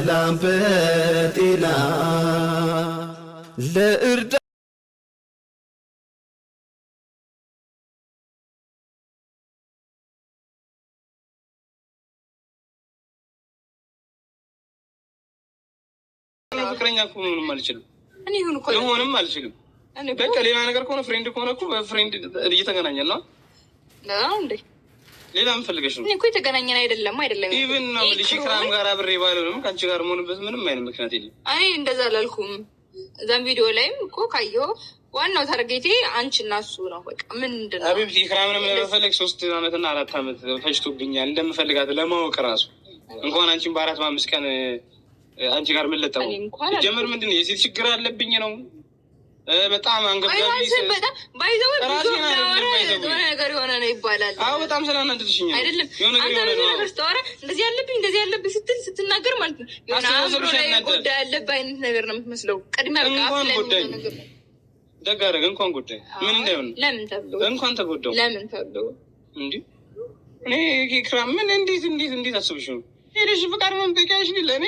በሰላም በጤና ለእርዳ ፍቅረኛ እኮ መሆንም አልችልም መሆንም አልችልም። በቃ ሌላ ነገር ከሆነ ፍሬንድ ከሆነ እኮ በፍሬንድ እየተገናኘን ነው እንዴ? ሌላ ምፈልገሽ ነው እኮ የተገናኘን? አይደለም አይደለም፣ ኢቭን ነው ልሽ ክራም ጋር አብሬ ደግሞ ከአንቺ ጋር መሆንበት ምንም አይነት ምክንያት የለም። አይ እንደዛ አላልኩም። እዛም ቪዲዮ ላይም እኮ ካየው ዋናው ታርጌቴ አንቺ እና እሱ ነው። በቃ ምንድን ነው አቤት ክራምንም ለመፈለግ ሶስት አመት አመትና አራት አመት ፈጅቶብኛል እንደምፈልጋት ለማወቅ ራሱ እንኳን አንቺን በአራት በአምስት ቀን አንቺ ጋር ምለጠው ጀምር ምንድን ነው የሴት ችግር አለብኝ ነው በጣም ነገር የሆነ ነው ይባላል። አዎ በጣም ስላናደድሽኝ አይደለም። እንደዚህ ያለብኝ እንደዚህ ያለብኝ ስትል ስትናገር ማለት ነው ጉዳይ ያለብህ አይነት ነገር ነው የምትመስለው። ቅድሚያ ደግ አደረገ። እንኳን ጉዳይ ምን እንዳይሆን ለምን ተብሎ እንኳን ተጎዳው ለምን ተብሎ እንዲ እኔ ኪራ ምን እንዴት እንዴት እንዴት አስብሽ ነው ሄደሽ ፍቃድ መምጠቂያሽ ለእኔ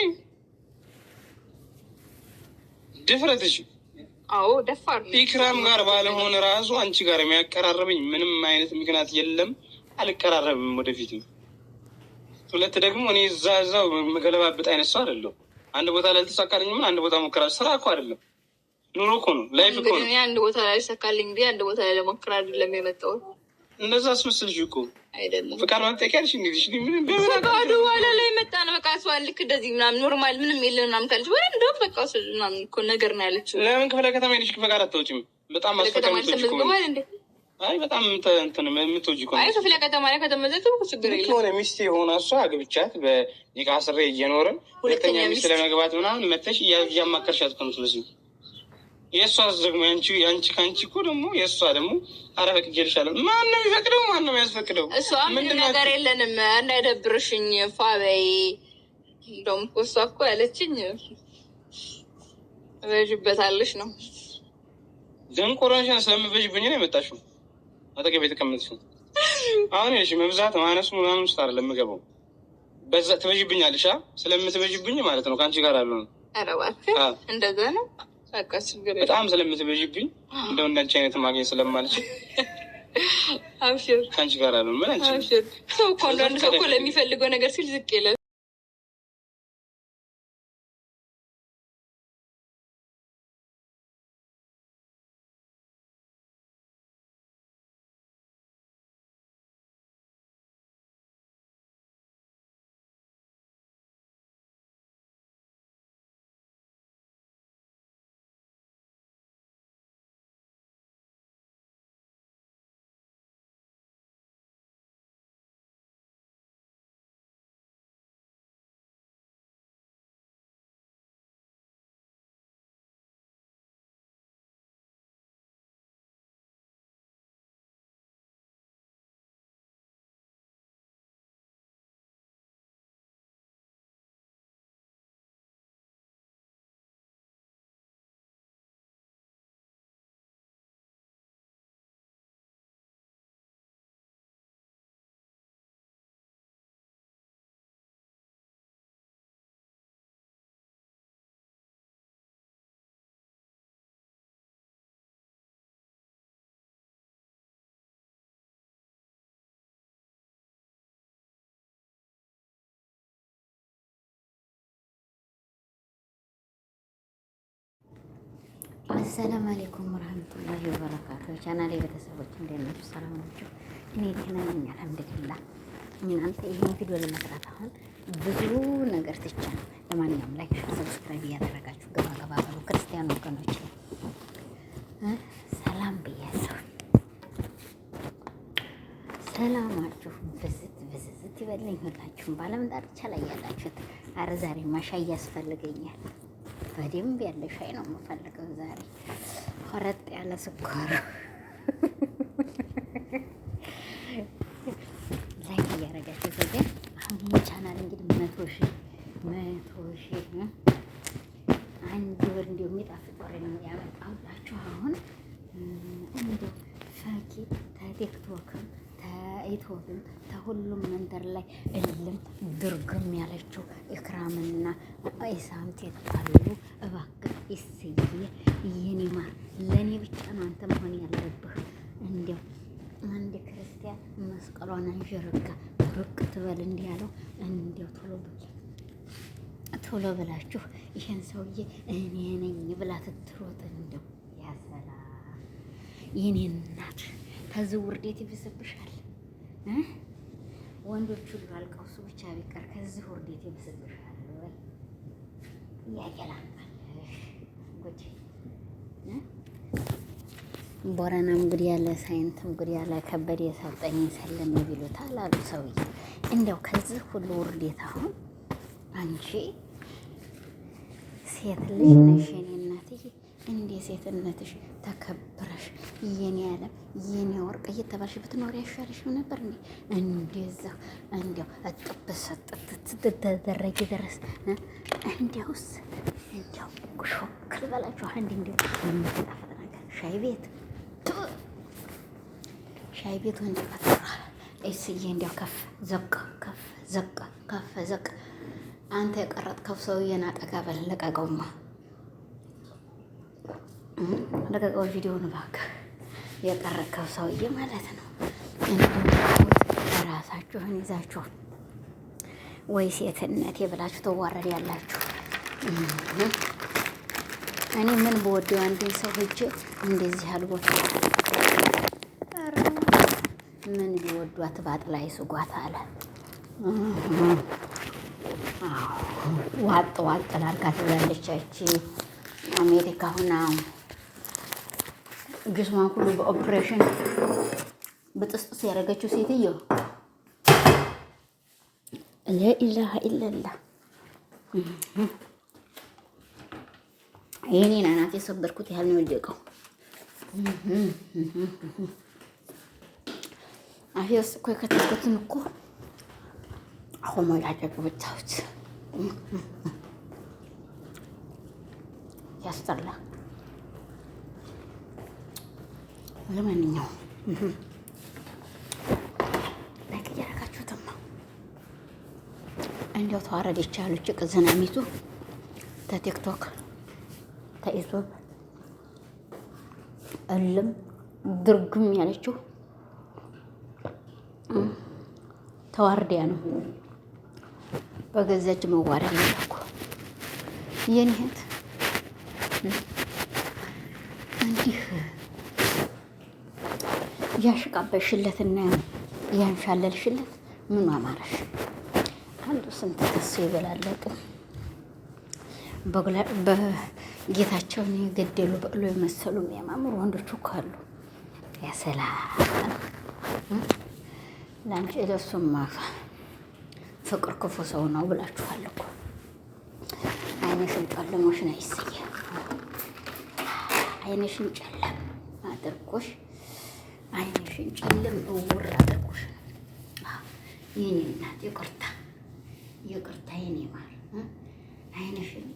ድፍረትሽ አዎ ደፋር ኢክራም ጋር ባለሆነ ራሱ አንቺ ጋር የሚያቀራረበኝ ምንም አይነት ምክንያት የለም። አልቀራረብም ወደፊት። ሁለት ደግሞ እኔ እዛ እዛው መገለባበጥ አይነት ሰው አይደለሁም። አንድ ቦታ ላይ አልተሳካልኝ ምን አንድ ቦታ ሞከራ ስራ እኮ አይደለም ኑሮ እኮ ነው ላይፍ እኮ ነው። አንድ ቦታ ላይ ሳካልኝ አንድ ቦታ ላይ ለሞከራ አይደለም የመጣሁት። እንደዛ አስመስልሽ እኮ አይደለም ፍቃድ ማጠቂያልሽ እንግዲህ ምንም በፈቃዱ በኋላ ላይ መጣ ነው። በቃ ሰው ልክ እንደዚህ ምናምን ኖርማል ምንም የለም ምናምን ካለች ወይ እንደውም በቃ እሱ ምናምን እኮ ነገር ነው ያለችው። ለምን ክፍለ ከተማ ሄደሽ ፈቃድ አታውጪም? በጣም በጣም የምትወጂው እኮ ነው። ክፍለ ከተማ ላይ ከተመዘቱ ችግር የሆነ ሚስት የሆነ እሷ አግብቻት በኒቃ ስሬ እየኖርን ሁለተኛ ሚስት ለመግባት ምናምን መተሽ እያማከርሻት እኮ የእሷ ደግሞ ያንቺ ያንቺ ከአንቺ እኮ ደግሞ የእሷ ደግሞ አረቅ ጌልሻለሁ። ማን ነው የሚፈቅደው? ማን ነው የሚያስፈቅደው? እሷ ምን ነገር የለንም። እንዳይደብርሽኝ ፋበይ እንደውም እኮ እሷ እኮ ያለችኝ እበዥበታለሽ ነው። ደንቆሮሽን ስለምበዥብኝ ነው የመጣሽው። አጠገቤ የተቀመጥሽው አሁን ሽ መብዛት ማነሱ ምናምን ውስጥ አይደለም የምገባው። በዛ ትበዥብኛለሽ ስለምትበዥብኝ ማለት ነው። ከአንቺ ጋር አለ ነው። ኧረ እባክህ እንደዛ ነው በጣም ስለምትበዥብኝ እንደው እንዳንቺ አይነት ማግኘት ስለማልችል ከአንቺ ጋር አለ ምን አንቺ ሰው እኮ አንዳንድ ሰው እኮ ለሚፈልገው ነገር ሲል ዝቅ ይላል። አሰላም አሌይኩም ረህመቱላሂ ወበረካቱ። ቻናሌ ቤተሰቦች እንዴት ናችሁ? ሰላም ናችሁ? እኔ ደህና ነኝ አልሐምዱሊላህ። እናንተ ይህን ቪዲዮ ለመስራት አሁን ብዙ ነገር ትቻ ነው። ለማንኛውም ላይክ፣ ሼር፣ ሰብስክራይብ እያደረጋችሁ ገባ ገባ በሉ ክርስቲያን ወገኖች ሰላም ብያለሁ። ሰላማችሁ ብዝት ብዝዝት ይበለኝ ሁላችሁም በዓለም ዳርቻ ላይ ያላችሁት። አረ ዛሬ ማሻ ያስፈልገኛል በደንብ ያለ ሻይ ነው የምፈልገው ዛሬ። ቆረጥ ያለ ስኳሩ ላይክ እያደረጋችሁ ዘገ አሁን ይህ ቻናል እንግዲህ መቶ ሺ መቶ ሺ አንድ ወር እንዲሁ የሚጣፍጥ ወር ነው ያመጣሁላችሁ አሁን እንዲሁ ፈኪ ተቲክቶክም ኢትዮብን ተሁሉም መንደር ላይ እልም ድርግም ያለችው ኢክራምና ኢሳምት የተጣሉ እባክህ እስዬ የኔ ማር ለእኔ ብቻ ነው አንተ መሆን ያለብህ። እንዲያው አንድ ክርስቲያን መስቀሏን አንዠርጋ ርቅ ትበል እንዲህ ያለው እንዲያው ቶሎ ቶሎ ብላችሁ ይህን ሰውዬ እኔ ነኝ ብላ ትትሮጥ እንደው ያሰላ የኔ እናት ከዚህ ውርዴት ይብስብሻል። ወንዶች ሁሉ አልቀውሱ እሱ ብቻ ቢቀር ከዚህ ውርዴት ይብስብሻል ወይ ጥያቄ ላምጣልሽ። ቦረናም ጉድ ያለ ሳይንትም ጉድ ያለ ከበድ የሰጠኝ ሰለም ይብሉታል አሉ ሰውዬ። እንዲያው ከዚህ ሁሉ ውርዴት አሁን አንቺ ሴት ልጅ ነሽ የኔ እናትዬ፣ እንደ ሴትነትሽ ተከብረሽ የኔ ያለም የኔ ወርቅ እየተባልሽ ብትኖሪ ያሻልሽም ነበር። እንዴ እንደዛ እንዲያው አጥብስ ስትደረጊ ድረስ እንዲያውስ እንዲያው ሾክል በላችሁ። አንድ እንዲያው የምትጣፍጥ ነገር ሻይ ቤት ሻይ ቤት ወንድ ቀጠራ እስዬ እንዲያው ከፍ ዘቅ ከፍ ዘቅ ከፍ ዘቅ አንተ የቀረጥከው ሰውዬን አጠጋ በል ለቀቀውማ፣ ለቀቀው ቪዲዮውን እባክህ የቀረከው ሰውዬ ማለት ነው። ራሳችሁን ይዛችሁ ወይ ሴትነት የብላችሁ ተዋረድ ያላችሁ እኔ ምን በወደው አንድን ሰው ህጅ እንደዚህ አልቦታ ምን ቢወዷት ባጥ ላይ ስጓት አለ ዋጥ ዋጥ ላርጋት ብላለች። አሜሪካ ሁና ግስሟን ሁሉ በኦፕሬሽን በጥስጥስ ያደረገችው ሴትዮ ላኢላሃ ኢለላ የኔን አናት የሰበርኩት ያህል ነው የወደቀው። አፌ ውስጥ እኮ የከተትኩትን እኮ አሁመላደግ ብታዩት ያስጠላ። ለማንኛውም ላይክ እያደረጋችሁትማ እንዲያው ተዋረደች ያሉች ዝናሚቱ ተቲክቶክ ተኢሶብ እልም ድርግም ያለችው ተዋርዲያ ነው። በገዛች መዋረድ ያለኩ የኔ እህት እንዲህ ያሽቃበሽለትና ያንሻለልሽለት ምኑ አማረሽ? አንዱ ስንት ከሱ ይበላለጡ በጌታቸውን የገደሉ በቅሎ የመሰሉ የሚያማምሩ ወንዶች እኮ አሉ። ያሰላም ለአንቺ ለሱማ ፍቅር ክፉ ሰው ነው ብላችኋል እኮ አይነሽን ጨለሞሽ ነው ይስየ አይነሽን ጨለም አድርጎሽ አይንሽን ጨልም እውር አደረኩሽ። ይህኔ እናት ይቅርታ ይቅርታ፣ ይኔ ማር አይንሽን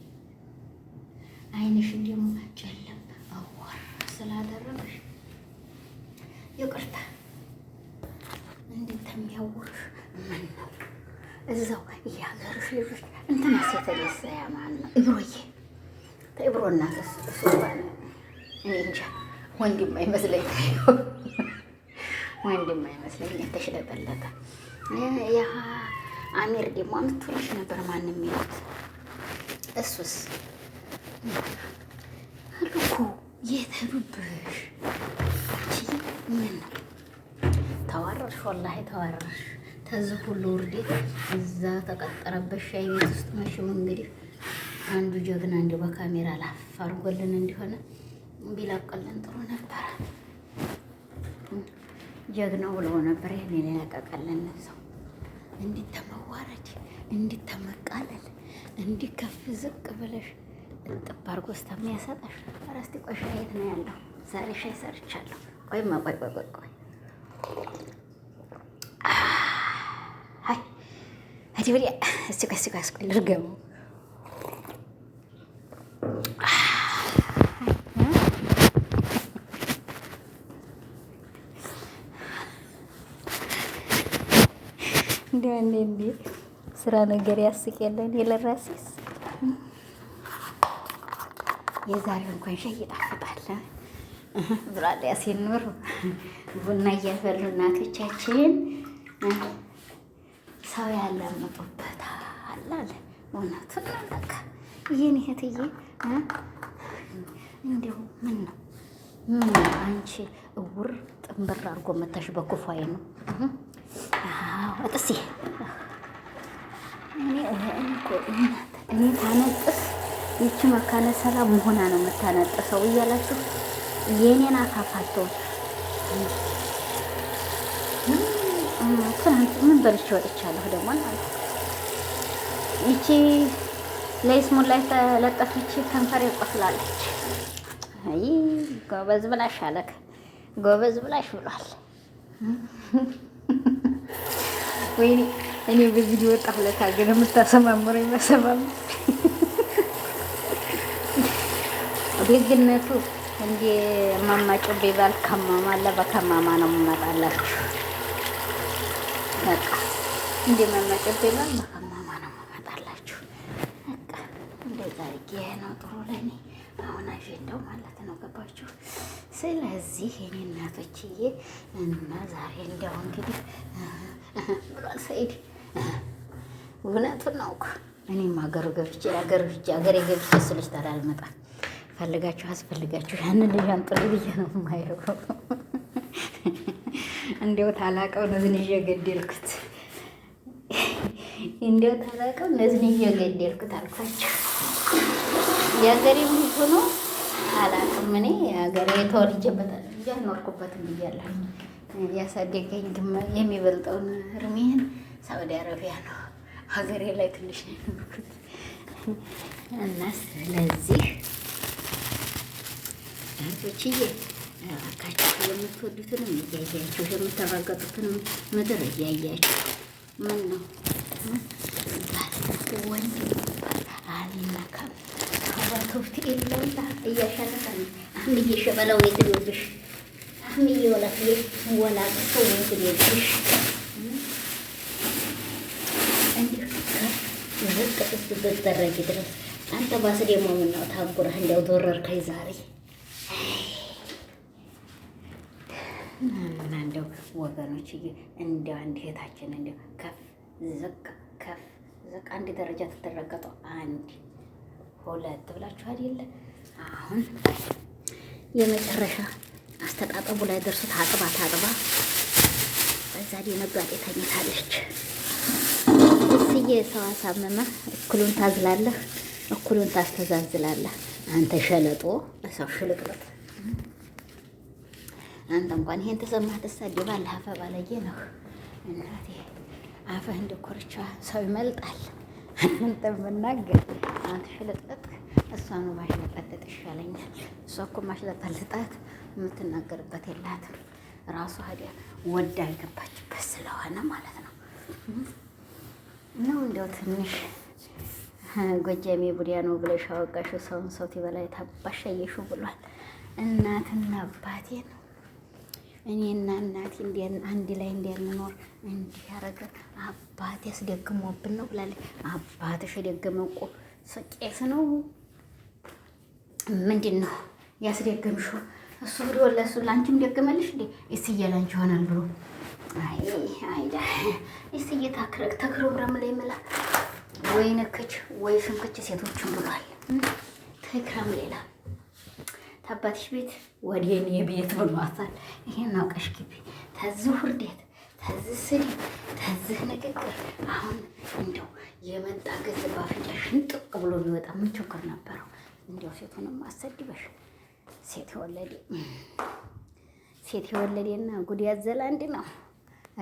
አይንሽን ደግሞ ጨልም እውር ስላደረግሽ ይቅርታ። እንዴት ምን ነው? እዛው የሀገርሽ ልጆች እንትና የተደሰ ያማን ነው። እብሮዬ ተእብሮና ሶባ እኔ እንጃ ወንድም አይመስለኝ ወንድም አይመስለኝ የተሽለጠለጠ ያ አሚር ደግሞ አምትሮች ነበር ማንም ይሉት እሱስ አልኩ የተብብሽ ምን ነው ተዋረርሽ፣ ወላሂ ተዋረርሽ። ተዚህ ሁሉ ውርዴት እዛ ተቀጠረበት ሻይ ቤት ውስጥ መቼም እንግዲህ አንዱ ጀግና እንዲሁ በካሜራ ላፍ አድርጎልን እንዲሆነ ቢላቀልን ጥሩ ነበረ። ጀግና ብለው ነበር። ይህን የለቀቀልን ሰው እንዲህ ተመዋረድ፣ እንዲህ ተመቃለል፣ እንዲህ ከፍ ዝቅ ብለሽ ጥብ አድርጎ እስከሚያሰጠሽ ረስቲ ቆሻ የት ነው ያለው? ዛሬ ሻይ ሰርቻለሁ። ቆይማ ቆይ ቆይ ቆይ ቆይ ሀይ ሀዲ ወዲያ ልርገመው እንዴ እንዴ ስራ ነገር ያስቅ የለን የለራሴስ የዛሬው እንኳን ሻይ ይጣፍጣል ብሏል ያሲን ኑሩ። ቡና እያፈሉ እናቶቻችን ሰው ያላምጡበታል አለ። እውነቱን በቃ ይህን ይህትዬ እንዲሁ ምን ነው ምን አንቺ እውር ጥንብር አድርጎ መታሽ በክፉ ነው እጥሴ እኔ ታነጥስ ይቺ መካነ ሰላም መሆና ነው የምታነጥሰው እያላችሁ የእኔን አካፋቸው ትናንት ምን በልቼ ወጥቻለሁ ደግሞ ይቺ ለይስሙን ላይ ተለጠፈች ከንፈሬ ቆስላለች። አይ ጎበዝ ብላሽ አለከ ጎበዝ ብላሽ ብሏል። ወይኔ እኔ በቪዲዮ ወጣሁ ለካ ግን የምታሰማምረኝ መሰማም ደግነቱ እንደ እማማ ጮቤ ባል ከማማ አለ በከማማ ነው የምመጣላችሁ። በቃ እንደ እማማ ጮቤ ባል በከማማ ነው የምመጣላችሁ። እንደዛ አድርጌ ነው ጥሩ ለእኔ አሁን አጀንዳው ማለት ነው። ነው። ገባችሁ? ስለዚህ የኔ እናቶችዬ እና ዛሬ እንዲያው እንግዲህ ብሏል ሰኢድ። እውነቱን ነው እኮ እኔም ሀገር ገብቼ ሀገር ገብቼ ሀገር ገብቼ ስልሽ ታዲያ ፈልጋችሁ አስፈልጋችሁ ያንን ልጅ አንጥሩ ብዬ ነው የማየው። እንዲያው ታላቀው ነዝንዤ ገደልኩት፣ እንዲያው ታላቀው ነዝንዤ ገደልኩት አልኳቸው የሀገሬ ሆኖ አላውቅም። እኔ ሀገሬ የተወልጀበት እንጂ አልኖርኩበትም ብያለሁ። ያሳደገኝ ግማ የሚበልጠውን እርሜን ሳውዲ አረቢያ ነው። ሀገሬ ላይ ትንሽ ነው የኖርኩት እና ስለዚህ እህቶችዬ እባካችሁ የምትወዱትንም እያያችሁ የምትረገጡትንም ምድር እያያችሁ ምን ነው ወንድ አልነካም አባከብት የለውላ እያሻረታል አህምዬ ሸበላው የትዶብሽ አህምዬ ወላት ወላቅቶ የትዶብሽ እንዲህ ከዝቅ ስትበት ደረጅ ድረስ አንተ ባስ ደግሞ ምነው ታጉረህ እንዲያው ዶረርከኝ ዛሬ እና እንደው ወገኖች እንዲያው አንድ እህታችን እንዲያው ከፍ ዝቅ ከፍ ዝቅ አንድ ደረጃ ትደረገጠው አንድ ሁለት ብላችሁ አይደለ? አሁን የመጨረሻ አስተጣጠቡ ላይ ደርሶ ታጥባ ታጥባ በዛ መጓጤ ተኝታለች። እስዬ ሰው አሳመመ። እኩሉን ታዝላለህ፣ እኩሉን ታስተዛዝላለህ። አንተ ሸለጦ ለሰው ሽልቅልጥ አንተ እንኳን ይሄን ተሰማህ ባለ አፈ ባለጌ ነው እናቴ። አፈህ እንደኮርቻ ሰው ይመልጣል። አንተ መናገር አንተ እሷ ነው ይሻለኛል። እሷ እኮ ማሽለጠልጣት የምትናገርበት የላትም። ራሱ ሀዲያ ወዳ ስለሆነ ማለት ነው ነው እንዲያው ትንሽ ጎጃሜ ቡዳ ነው ብለሽ አወቃሽው ሰውን ሰው ትበላ የታባሽ ብሏል። እናትና አባቴ ነው እኔና እናቴ አንድ ላይ እንድንኖር እንዲህ ያደረገን አባቴስ ደግሞብን ነው ብላለች። አባትሽ የደገመው እኮ ቄስ ነው ምንድን ነው ያስደገምሽው? እሱ ብሎ ለእሱ ደገመልሽ እንዴ? እስዬ ላንቺ ይሆናል ብሎ አይ አይዳ እስዬ ላይ ምላ ወይ ነከች ወይ ሽንከች ሴቶችን ብሏል። ተክረም ሌላ ታባትሽ ቤት ወደ እኔ ቤት ብሏታል። ይሄን አውቀሽ ግቢ። ተዝህ ውርደት፣ ተዝህ ስድ፣ ተዝህ ንግግር። አሁን እንደው የመጣ ገዝ ባፍንጫሽን ጥቅ ብሎ ቢወጣ ምን ችግር ነበረው? እንዲያው ሴቱንም አሰድበሽ ሴት የወለዴ ሴት የወለዴና ጉድ ያዘለ አንድ ነው።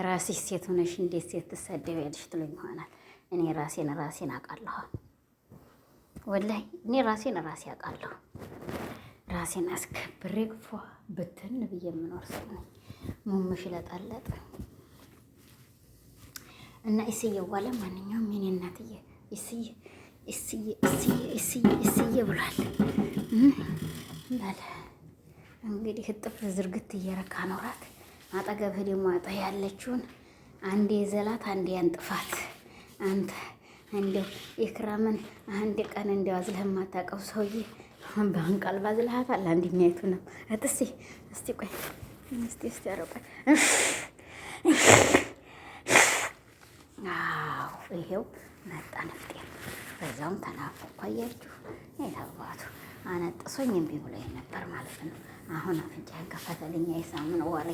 ራስሽ ሴት ሆነሽ እንዴት ሴት ትሰደቢያለሽ ትሉኝ ይሆናል። እኔ ራሴን ራሴን አውቃለሁ። ወላሂ እኔ ራሴን ራሴ አውቃለሁ። ራሴን አስከብሬ ቅፎ ብትን ብዬ የምኖር ሰው ነኝ። ሙምሽ ለጣለጥ እና እስዬ ዋለ ማንኛውም የኔ እናትዬ እስዬ እስዬ እስዬ እስዬ እስዬ ብሏል። በለ እንግዲህ ህጥፍ ዝርግት እየረካ ኖራት አጠገብህ ደግሞ አጣ ያለችውን አንዴ ዘላት አንዴ ያንጥፋት አንተ እንደው የክራምን አንድ ቀን እንደው አዝለህ የማታውቀው ሰውዬ በአሁን ቃል ባዝልሃታል። አንድኛይቱ ነው እጥሴ እስቲ ቆይ እስቲ እስቲ ያረቆይ አዎ ይሄው መጣ ነፍጤ። በዛውም ተናፈኩ። አያችሁ ይላባቱ አነጥሶኝ እምቢ ብሎ ነበር ማለት ነው። አሁን አፍንጫህን ከፈተልኝ የሳምን ወሬ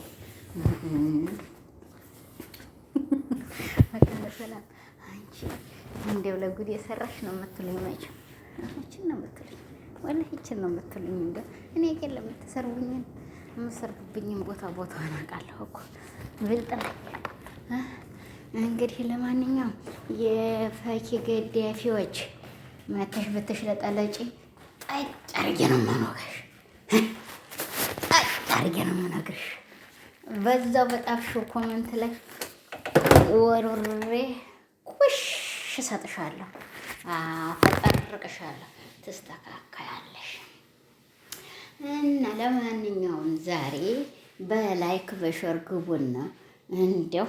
መቀለ ሰላም አንቺ እንደው ለጉድ የሰራሽ ነው የምትሉኝ መቼም እችን ነው የምትሉኝ ወላሂ ይችን ነው የምትሉኝ እንደ እኔ ግን ለምትሰርቡኝን የምሰርቡብኝን ቦታ ቦታ አናውቃለሁ እኮ ብልጥ ላይ እንግዲህ ለማንኛውም የፈኪ ገዳፊዎች መተሽ ብትሽ ለጠለጪ ጣጭ አድርጌ ነው የማኖርሽ፣ ጣጭ አድርጌ ነው የምነግርሽ። በዛው በጣፍሽው ኮመንት ላይ ወርውሬ ቁሽ እሰጥሻለሁ፣ አፈጠርቅሻለሁ። ትስተካከያለሽ እና ለማንኛውም ዛሬ በላይክ በሸር ግቡና እንደው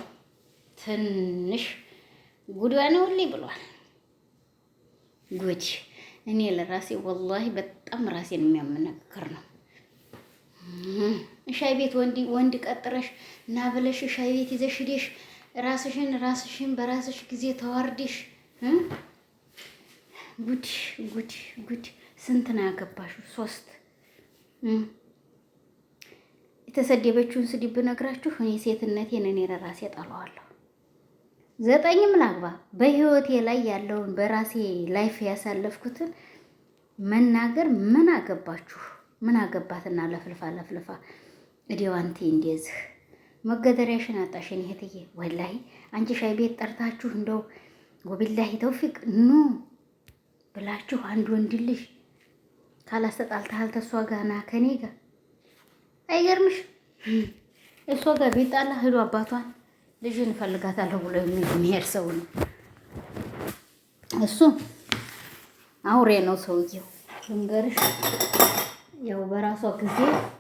ትንሽ ጉድ ነው ልኝ ብሏል። ጉድ እኔ ለራሴ ወላሂ በጣም ራሴን የሚያመነክር ነው። ሻይ ቤት ወንድ ወንድ ቀጥረሽ እና ብለሽ ሻይ ቤት ይዘሽ ሄደሽ ራስሽን ራስሽን በራስሽ ጊዜ ተዋርደሽ ጉድ ጉድ ጉድ! ስንት ነው ያገባሽው? ሶስት የተሰደበችውን ስድብ ብነግራችሁ እኔ ሴትነቴን እኔ ለራሴ ጠለዋለሁ። ዘጠኝም ላግባ በህይወቴ ላይ ያለውን በራሴ ላይፍ ያሳለፍኩትን መናገር ምን አገባችሁ? ምን አገባትና ለፍልፋ ለፍልፋ እዲዋንቲ አንቴ እንደዚህ መገደሪያሽን አጣሽን። ይሄትዬ ወላሂ አንቺ ሻይ ቤት ጠርታችሁ እንደው ወቢላሂ ተውፊቅ ኑ ብላችሁ አንድ ወንድ ልጅ ካላስተጣልተሃል ተሷ ጋር ና ከኔ ጋር አይገርምሽ? እሷ ጋር ቢጣላ ሂዶ አባቷን ልጅ እንፈልጋታለሁ ብሎ የሚሄድ ሰው ነው። እሱ አውሬ ነው ሰውየው። ልንገርሽ፣ ያው በራሷ ጊዜ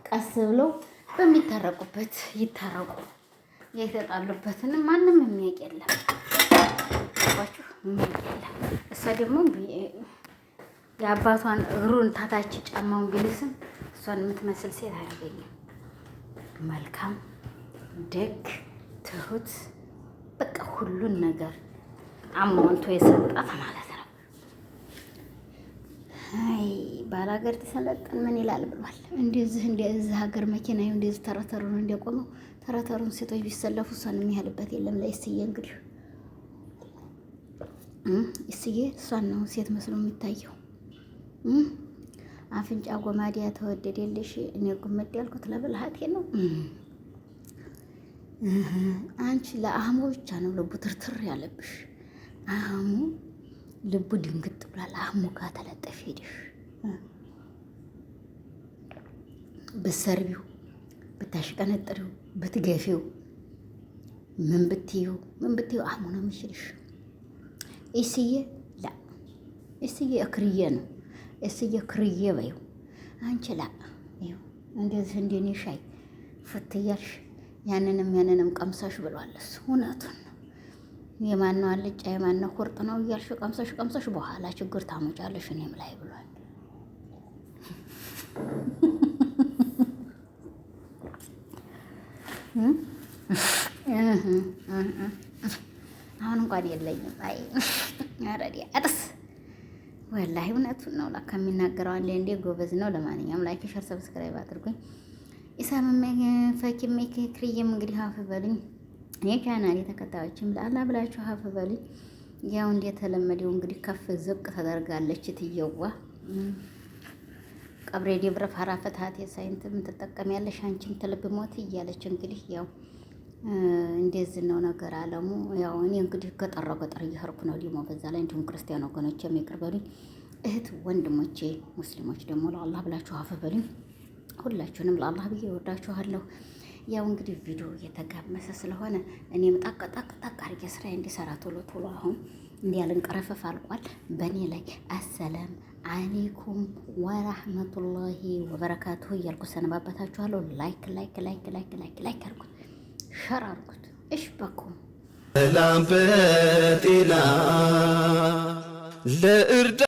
ቀስ ብለው በሚታረቁበት ይታረቁ። የተጣሉበትን ማንም የሚያውቅ የለም። እሷ ደግሞ የአባቷን እግሩን ታታች ጫማውን ቢልስም እሷን የምትመስል ሴት አያገኝም። መልካም፣ ደግ፣ ትሁት በቃ ሁሉን ነገር አሟልቶ የሰጣት ማለት ነው። አይ ሀገር ተሰለጠን ምን ይላል ብሏል። እንደዚህ እንደዚህ ሀገር መኪና ይሁን እንደዚህ ተረተሩን እንደቆመው ተረተሩን ሴቶች ቢሰለፉ እሷን የሚያህልበት የለም። ለእስዬ እንግዲህ እስዬ እሷን ነው ሴት መስሎ የሚታየው። አፍንጫ ጎማዲያ ተወደደልሽ። እኔ ጉመድ ያልኩት ለብልሃቴ ነው። አንቺ ለአህሙ ብቻ ነው ልቡ ትርትር ያለብሽ። አህሙ ልቡ ድንግጥ ብሏል። አህሙ ጋር ተለጠፍ ሄደሽ ብትሰርቢው፣ ብታሽቀነጥሪው፣ ብትገፊው፣ ምን ብትዩ ምን ብትይው አህሙ ነው የሚችልሽ። እስዬ ላ እስዬ እክርዬ ነው እስዬ ክርዬ አንቺ ላ እንደዚህ እንደኔ ሻይ ፍትያልሽ ያንንም ያንንም ቀምሰሽ ብሏል እሱ እውነቱን ነው። የማነው አልጫ የማነው ቁርጥ ነው እያልሽ ቀምሰሽ ቀምሰሽ በኋላ ችግር ታመጫለሽ እኔም ላይ ብሏል። አሁን እንኳን የለኝም። አይ አረዲ አጥስ ወላሂ እውነቱን ነው። ላ ከሚናገረው አንዴ እንዴ ጎበዝ ነው። ለማንኛውም ላይክ፣ ሸር፣ ሰብስክራይብ አድርጉኝ። ኢሳምም ፈኪም ክሪየም እንግዲህ ሀፍ በሉኝ። የቻናሌ ተከታዮችም ለአላ ብላችሁ ሀፍ በሉኝ። ያው እንደተለመደው እንግዲህ ከፍ ዝቅ ተደርጋለች ትየዋ ቀብሬ ዲብረ ፋራ የሳይንት ምን አንቺም ትልብ ሞት እያለች እንግዲህ ያው እንደዚህ ነው ነገር አለሙ። ያው እኔ እንግዲህ ገጠር ገጠር እየሄድኩ ነው ሊሞ በዛ ላይ እንዲሁም ክርስቲያን ወገኖች የሚቅር በሉኝ። እህት ወንድሞቼ ሙስሊሞች ደግሞ ለአላህ ብላችሁ አፈበሉኝ። ሁላችሁንም ለአላህ ብዬ እወዳችኋለሁ። ያው እንግዲህ ቪዲዮ እየተጋመሰ ስለሆነ እኔም ጣቅ ጣቅ ጣቅ አድርጌ ስራዬ እንዲሰራ ቶሎ ቶሎ አሁን ቀረፈፍ አልቋል። በእኔ ላይ አሰላም አሌይኩም ወራህመቱላሂ ወበረካቱሁ እያልኩ ሰነባበታችኋለሁ። ላይክ ላይክ ላይክ ላይክ ላይክ ላይክ አድርጉት። ሸር አድርጉት። እሽ በኩም ሰላም በጤና ለእርዳ